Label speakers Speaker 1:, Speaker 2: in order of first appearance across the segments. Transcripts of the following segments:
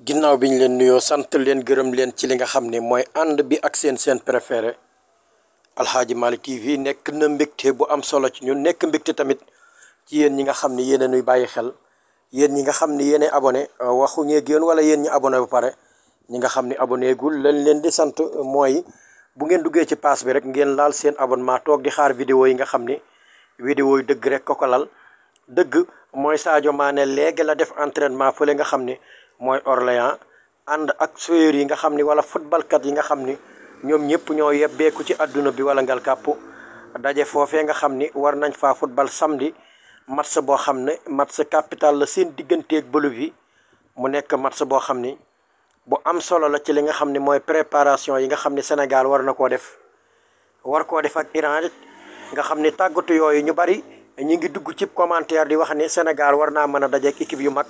Speaker 1: ginnaaw bi ñu leen nuyoo sant leen gërëm leen ci li nga xam ne mooy ànd bi ak seen seen préféré Aladji Malick TV nekk na mbégte bu am solo ci ñun nekk mbégte tamit ci yéen ñi nga xam ne yéen a bàyyi xel yéen ñi nga xam ni yéen abone waxuñu ak yéen wala yéen ñi abone bu pare ñi nga xam ne aboneegul gul lañ leen di sant mooy bu ngeen duggee ci pass bi rek ngeen laal seen abonnement toog di xaar vidéo yi nga xam ni vidéo yu dëgg rek ko lal dëgg mooy Sadio Mané léegi la def entraînement fële nga xam ne mooy Orléans ànd ak joueurs yi nga xam ni wala footballkat yi nga xam ni ñoom ñëpp ñoo yebbeeku ci àdduna bi wala ngal kàpp daje foofe nga xam ni war nañ faa football samdi match boo xam ne match capital la seen digganteeg bëlub yi mu nekk match boo xam ni bu am solo la ci li nga xam ni mooy préparation yi nga xam ne Sénégal war na koo def war koo def ak Iran it nga xam ni tàggatu yooyu ñu bari ñu ngi dugg ci commentaire di wax ni Sénégal war naa mën a dajeek yu mag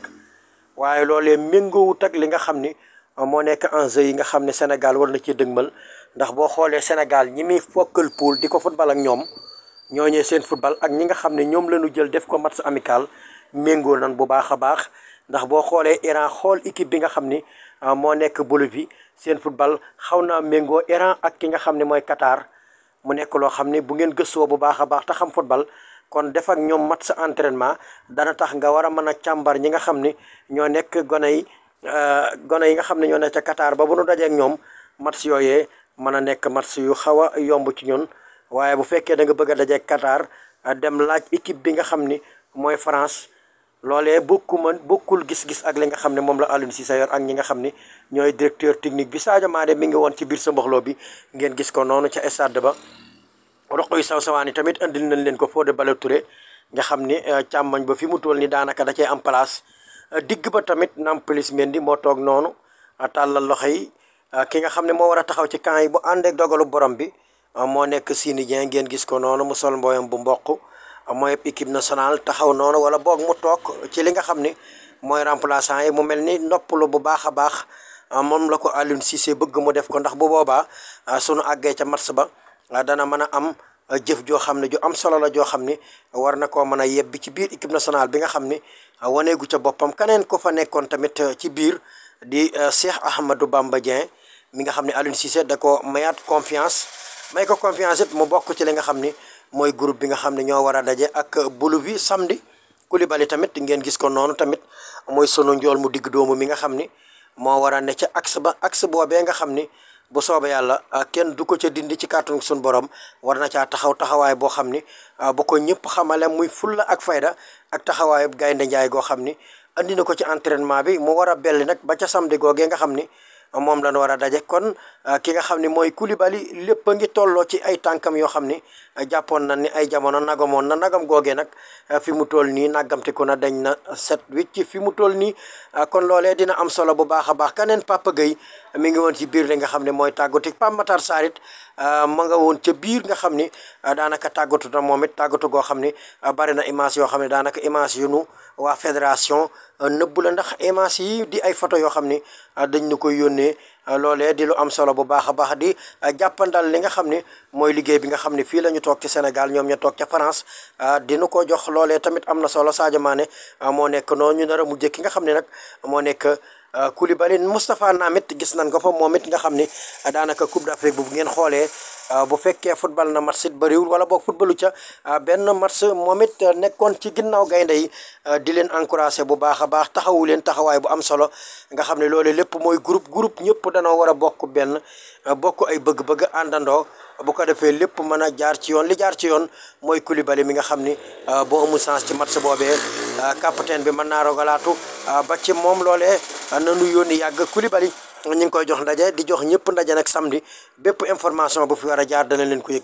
Speaker 1: waaye loolee méngoowut ak li nga xam ni moo nekk enjeu yi nga xam ne Sénégal war na ci dëgmal ndax boo xoolee Sénégal ñi muy fokkal pool di ko football ak ñoom ñooñee seen football ak ñi nga xam ne ñoom la ñu jël def ko match amical méngoo nan bu baax a baax ndax boo xoolee Iran xool équipe bi nga xam ni ah, moo nekk Bolivie seen football xaw naa méngoo Iran ak ki nga xam ne mooy Qatar mu nekk loo xam ne bu ngeen gëstoo bu baax a baax te xam football kon def ak ñoom mat sa entraînement dana tax nga war a mën a càmbar ñi nga xam ni ñoo nekk gone yi euh, gone yi nga xam ne ñoo nekk ca Qatar ba bu nu dajee ñoom match yooyee mën a nekk match yu xaw a yomb ci ñun waaye bu fekkee da nga bëgg a dajee Qatar euh, dem laaj équipe bi nga xam ni mooy France loolee bokku man bokkul gis-gis ak li nga xam ne moom la Aliou Cissé yor ak ñi nga xam ni ñooy directeur technique bi Sadio Mané mi ngi woon ci biir sa mboxloo bi ngeen gis ko noonu ca stade ba roq yu saw sawaan yi tamit andil nañ leen ko Fodé Ballo-Touré nga xam ni euh, càmmañ ba fi mu toll ni daanaka da cee am place euh, digg ba tamit Nampalys Mendy moo toog noonu euh, tàllal loxo yi ki nga xam ne moo war a taxaw ci camp yi bu ànd dogalu borom bi moo nekk Seny Dieng ngeen gis ko noonu mu sol mbooyam bu mboq mooy équipe nationale taxaw noonu wala boog mu toog ci li nga xam ni mooy remplaçant yi mu mel ni noppalu bu baax a baax moom la ko Aliou Cissé bëgg mu def ko ndax bu boobaa sunu àggee ca match ba dana mën a am uh, jëf joo xam ne ju am solo la joo xam ni war na koo mën a yebbi ci biir équipe nationale bi nga xam ni uh, waneegu ca boppam keneen ko fa nekkoon tamit uh, ci biir di Cheikh Ahmadou Bamba Dieng mi nga xam ne Aliou Cissé da ko mayaat confiance may ko confiance it mu bokk ci li nga xam ni mooy groupe bi nga xam ne ñoo war a daje ak bulu bi samedi Koulibaly tamit ngeen gis ko noonu tamit mooy sunu njool mu digg doomu mi nga xam ni moo war a ne ca axe ba axe boobee nga xam ni bu soobee yàlla ah, kenn du ko ca dindi ci kàttanu suñu borom war na caa taxaw taxawaay boo xam ni ah, bu ko ñëpp xamale muy fulla ak fayda ak taxawaay gaynde njaay goo xam ni andi na ko ci entraînement bi mu war a belli nag ba ca samedi googee nga xam ni moom lañ war a daje kon ah, ki nga xam ni mooy Koulibaly lépp a ngi tolloo ci ay tànkam yoo xam ni jàppoon na ni ay jamono nagamoon na nagam googee nag eh, fi mu toll nii nàggamtiku na dañ na set wicc fi mu toll nii eh, kon loole dina am solo bu baax a baax keneen Papa Gueye eh, mi ngi woon ci biir li nga xam ne mooy tàggatu Pape Matar saarit it ma nga woon ca biir nga xam ni daanaka tàggatu na moom it tàggatu goo xam ni bari na image yoo xam ne daanaka image yu nu waa fédération nëbbu la ndax image yi di ay photo yoo xam ni dañ ñu koy yónnee Euh, loolee di lu am solo bu baax a baax di euh, jàppandal li nga xam ni mooy liggéey bi nga xam ni fii la ñu toog ci Sénégal ñoom ña toog ca France euh, dinu ko jox loolee tamit am na solo Sadio maane moo nekk noonu ñu nar a mujjee ki nga xam ne nag moo nekk Koulibaly Moustapha Namit gis nañ ko fa moomit nga xam ni daanaka Coupe d'Afrique bu ngeen xoolee Euh, bu fekkee futbal na match bariwul bëriwul wala boog footballu ca euh, benn match moom it euh, nekkoon ci ginnaaw gaynde yi di leen encouragé bu baax a baax taxawu leen taxawaay bu am solo nga xam ne loole lépp mooy group group ñëpp danoo war a bokk benn bokk ay bëgg-bëgg àndandoo bu ko defee lépp mën a jaar ci yoon li jaar ci yoon mooy Koulibaly mi nga xam ni boo amul chance ci match boobee capitaine bi mën naa rogalaatu ba ci moom loolee nanu yónni yàgg Koulibaly ñu ngi koy jox ndaje di jox ñëpp ndaje nag samedi bépp information bu fi war a jaar dala leen ko yëg